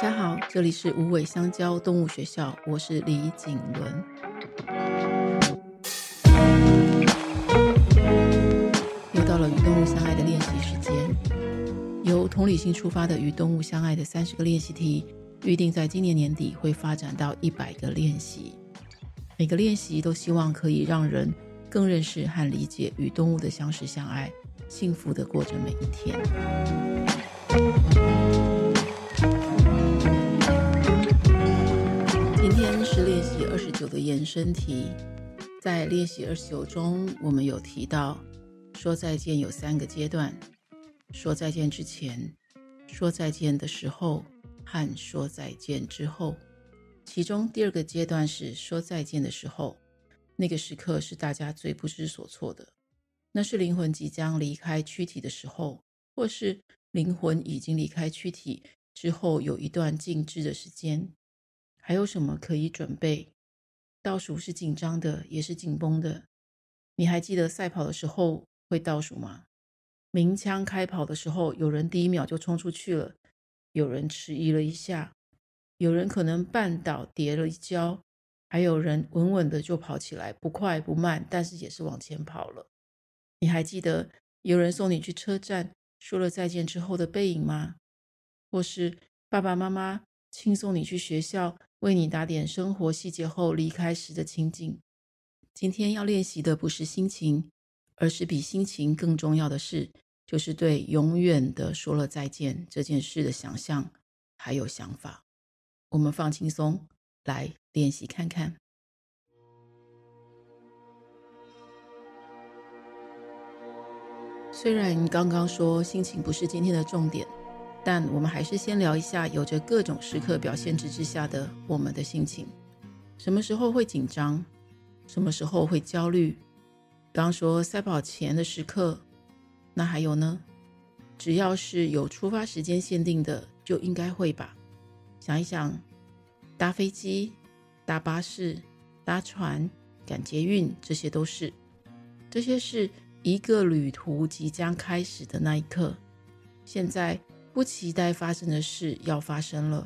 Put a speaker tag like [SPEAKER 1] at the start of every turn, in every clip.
[SPEAKER 1] 大家好，這裡是無尾香蕉動物學校，我是李瑾倫。又到了與動物相愛的練習時間。由同理心出發的與動物相愛的三十個練習題，預定在今年年底會發展到一百個練習。每個練習都希望可以讓人更認識和理解與動物的相識相愛，幸福的過着每一天。練習二十九的延伸題，在練習二十九中，我們有提到說再見有三個階段：說再見之前、說再見的時候和說再見之後。其中第二個階段是說再見的時候，那個時刻是大家最不知所措的，那是靈魂即將離開軀體的時候，或是靈魂已經離開軀體之後，有一段靜置的時間。還有什麼可以準備？倒數是緊張的，也是緊繃的。你還記得賽跑的時候會倒數嗎？鳴槍開跑的時候，有人第一秒就衝出去了，有人遲疑了一下，有人可能絆倒跌了一跤，還有人穩穩的就跑起來，不快不慢，但是也是往前跑了。你還記得有人送你去車站，說了再見之後的背影嗎？或是爸爸媽媽親送你去學校？為你打點生活細節後離開時的情景，今天要練習的不是心情，而是比心情更重要的事，就是對永遠的說了再見這件事的想象還有想法。我們放輕鬆來練習看看。雖然剛剛說心情不是今天的重點。但我們還是先聊一下，有着各種時刻表現之下的我們的心情。什麼時候會緊張？什麼時候會焦慮？比方說賽跑前的時刻，那還有呢？只要是有出發時間限定的，就應該會吧。想一想，搭飛機、搭巴士、搭船、趕捷運，這些都是。這些是一個旅途即將開始的那一刻。現在。不期待發生的事要發生了，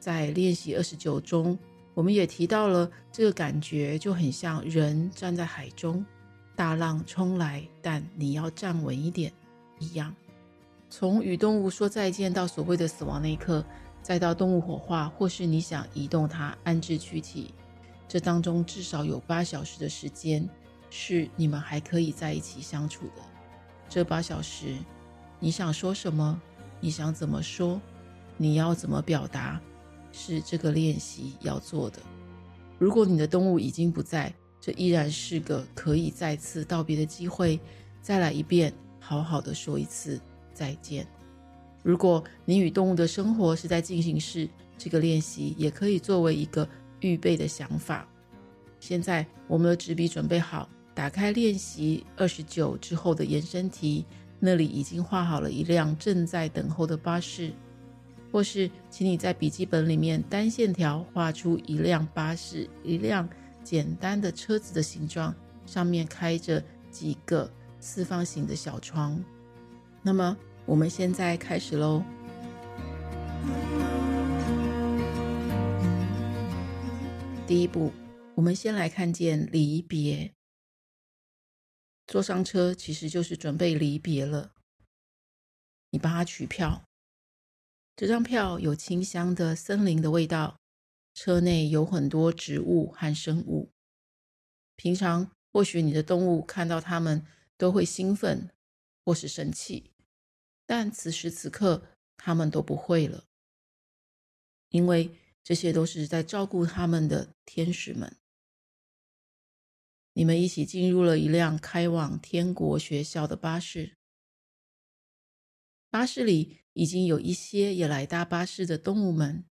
[SPEAKER 1] 在練習二十九中，我們也提到了這個感覺，就很像人站在海中，大浪衝來，但你要站穩一點一樣。從與動物說再見到所謂的死亡那一刻，再到動物火化，或是你想移動它安置軀體，這當中至少有八小時的時間是你們還可以在一起相處的。這八小時，你想說什麼？你想怎麼說？你要怎麼表達？是這個練習要做的。如果你的動物已經不在，這依然是個可以再次道別的機會。再來一遍，好好的說一次再見。如果你與動物的生活是在進行時，這個練習也可以作為一個預備的想法。現在，我們的紙筆準備好，打開練習二十九之後的延伸題。那裡已經畫好了一輛正在等候的巴士，或是請你在筆記本裡面單線條畫出一輛巴士，一輛簡單的車子的形狀，上面開着幾個四方形的小窗。那麼，我們現在開始嘍。第一步，我們先來看見離別。坐上車其實就是準備離別了。你幫他取票，這張票有清香的森林的味道。車內有很多植物和生物。平常或許你的動物看到它們都會興奮或是生氣，但此時此刻它們都不會了，因為這些都是在照顧它們的天使們。你們一起進入了一輛開往天國學校的巴士。巴士裡已經有一些也來搭巴士的動物們，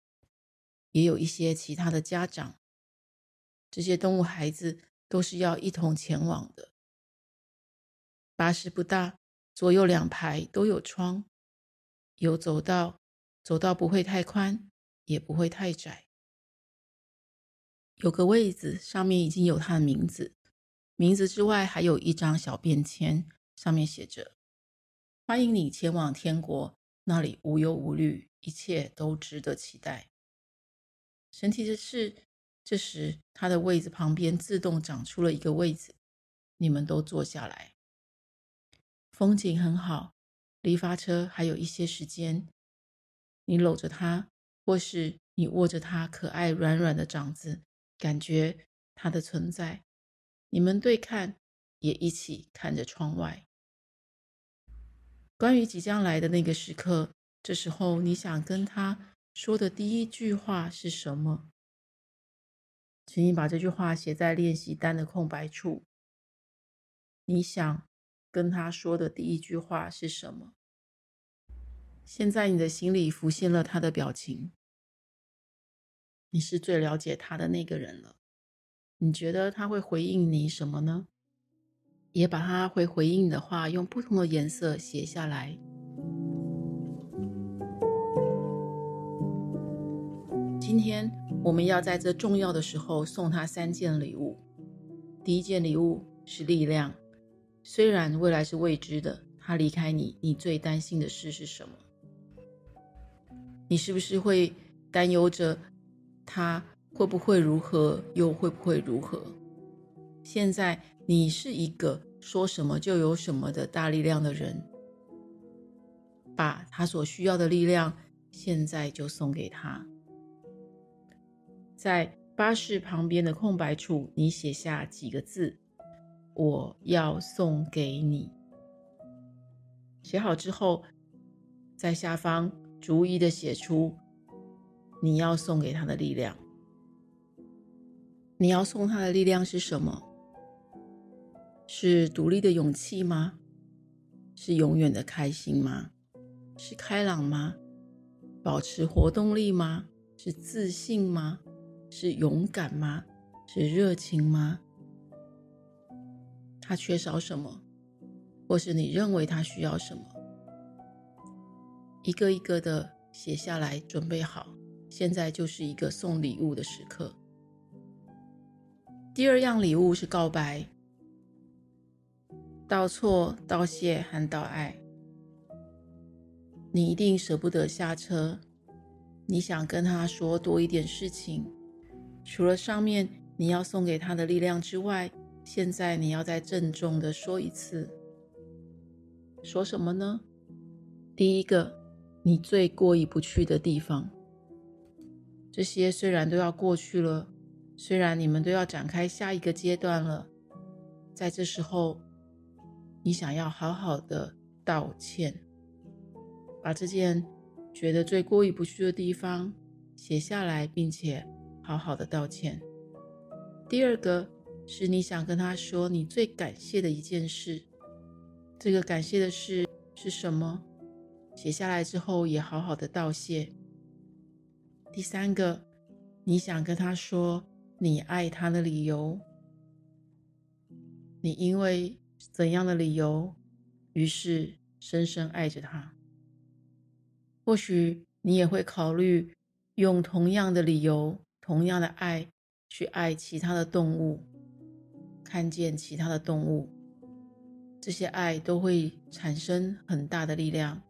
[SPEAKER 1] 也有一些其他的家長。這些動物孩子都是要一同前往的。巴士不大，左右兩排都有窗，有走道，走道不會太寬，也不會太窄。有個位子，上面已經有他的名字。名字之外，還有一張小便籤，上面寫着：“歡迎你前往天國，那裡無憂無慮，一切都值得期待。”神奇的是，這時他的位子旁邊自動長出了一個位子，你們都坐下來。風景很好，離發車還有一些時間。你摟着他，或是你握着他可愛軟軟的掌子，感覺他的存在。你們對看，也一起看着窗外。關於即將來的那個時刻，這時候你想跟他說的第一句話是什麼？請你把這句話寫在練習單的空白處。你想跟他說的第一句話是什麼？現在你的心裡浮現了他的表情，你是最了解他的那個人了。你覺得他會回應你什麼呢？也把他會回應你的話用不同的顏色寫下來。今天我們要在這重要的時候送他三件禮物。第一件禮物是力量。雖然未來是未知的，他離開你，你最擔心的事是什麼？你是不是會擔憂着他？會不會如何？又會不會如何？現在你是一個說什麼就有什麼的大力量的人，把他所需要的力量現在就送給他。在巴士旁邊的空白處，你寫下幾個字：“我要送給你。”寫好之後，在下方逐一的寫出你要送給他的力量。你要送他的力量是什麼？是獨立的勇氣嗎？是永遠的開心嗎？是開朗嗎？保持活動力嗎？是自信嗎？是勇敢嗎？是熱情嗎？他缺少什麼？或是你認為他需要什麼？一個一個的寫下來，準備好，現在就是一個送禮物的時刻。第二樣禮物是告白，道錯、道謝和道愛。你一定捨不得下車，你想跟他說多一點事情。除了上面你要送給他的力量之外，現在你要再鄭重的說一次，說什麼呢？第一個，你最過意不去的地方。這些雖然都要過去了。雖然你們都要展開下一個階段了，在這時候，你想要好好的道歉，把這件覺得最過意不去的地方寫下來，並且好好的道歉。第二個是你想跟他說你最感謝的一件事，這個感謝的事是什麼？寫下來之後也好好的道謝。第三個，你想跟他說。你愛他的理由，你因為怎樣的理由，於是深深愛着他？或許你也會考慮用同樣的理由、同樣的愛去愛其他的動物，看見其他的動物，這些愛都會產生很大的力量。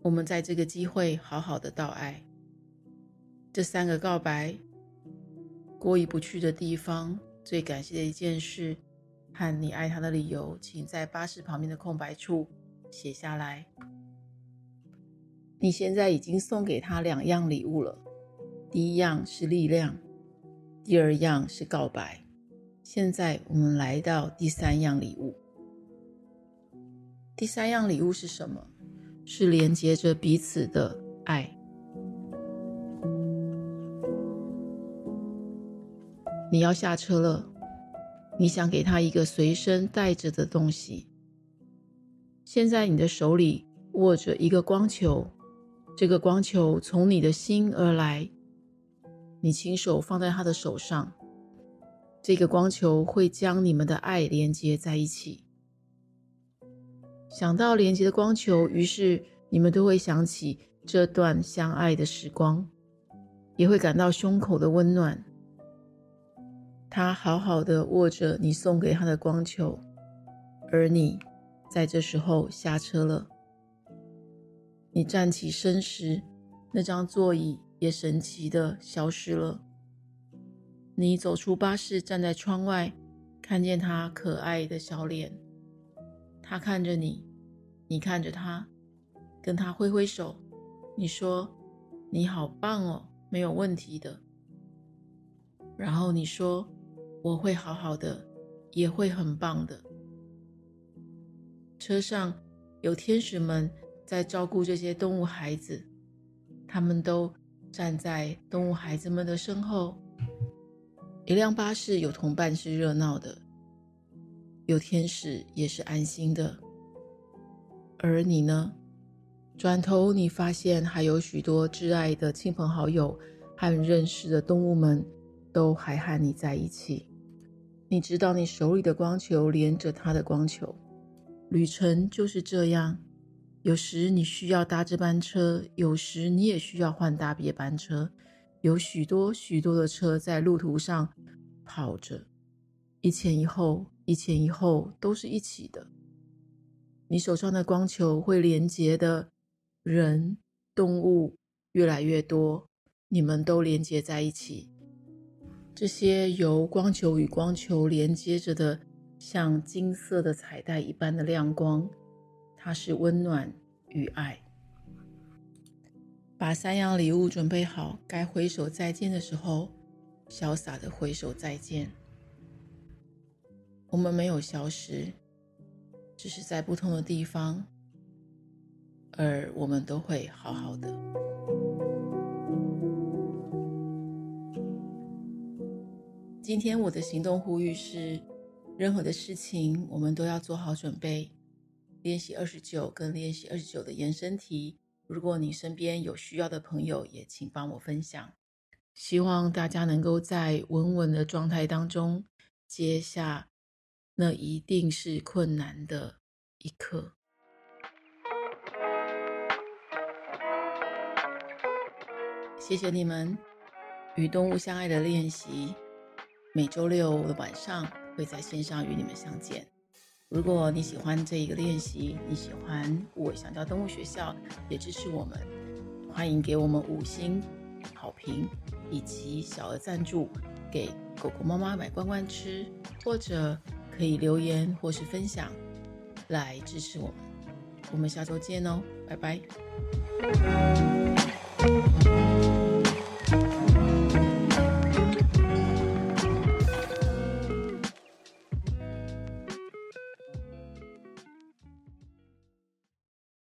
[SPEAKER 1] 我們在這個機會好好的道愛，這三個告白。過意不去的地方，最感謝的一件事，和你愛他的理由，請在巴士旁邊的空白處寫下來。你現在已經送給他兩樣禮物了，第一樣是力量，第二樣是告白。現在我們來到第三樣禮物，第三樣禮物是什麼？是連接着彼此的愛。你要下車了，你想給他一個隨身帶着的東西。現在你的手裡握着一個光球，這個光球從你的心而來，你親手放在他的手上。這個光球會將你們的愛連接在一起。想到連接的光球，於是你們都會想起這段相愛的時光，也會感到胸口的溫暖。他好好的握着你送給他的光球，而你在這時候下車了。你站起身時，那張座椅也神奇的消失了。你走出巴士，站在窗外，看見他可愛的小臉。他看着你，你看着他，跟他揮揮手。你說：“你好棒哦，沒有問題的。”然後你說。我會好好的，也會很棒的。車上有天使們在照顧這些動物孩子，他們都站在動物孩子們的身後。一輛巴士有同伴是熱鬧的，有天使也是安心的。而你呢？轉頭你發現還有許多摯愛的親朋好友和認識的動物們都還和你在一起。你知道，你手裡的光球連着他的光球，旅程就是這樣。有時你需要搭這班車，有時你也需要換搭別班車。有許多許多的車在路途上跑着，一前一後，一前一後，都是一起的。你手上的光球會連接的人、動物越來越多，你們都連接在一起。這些由光球與光球連接着的，像金色的綵帶一般的亮光，它是溫暖與愛。把三樣禮物準備好，該揮手再見的時候，瀟灑的揮手再見。我們沒有消失，只是在不同的地方，而我們都會好好的。今天我的行動呼籲是：任何的事情，我們都要做好準備。練習二十九跟練習二十九的延伸題。如果你身邊有需要的朋友，也請幫我分享。希望大家能夠在穩穩的狀態當中，接下那一定是困難的一刻。謝謝你們與動物相愛的練習。每週六的晚上會在線上與你們相見。如果你喜歡這一個練習，你喜歡無尾香蕉動物學校，也支持我們，歡迎給我們五星好評以及小額贊助，給狗狗媽媽買罐罐吃，或者可以留言或是分享來支持我們。我們下周見哦，拜拜。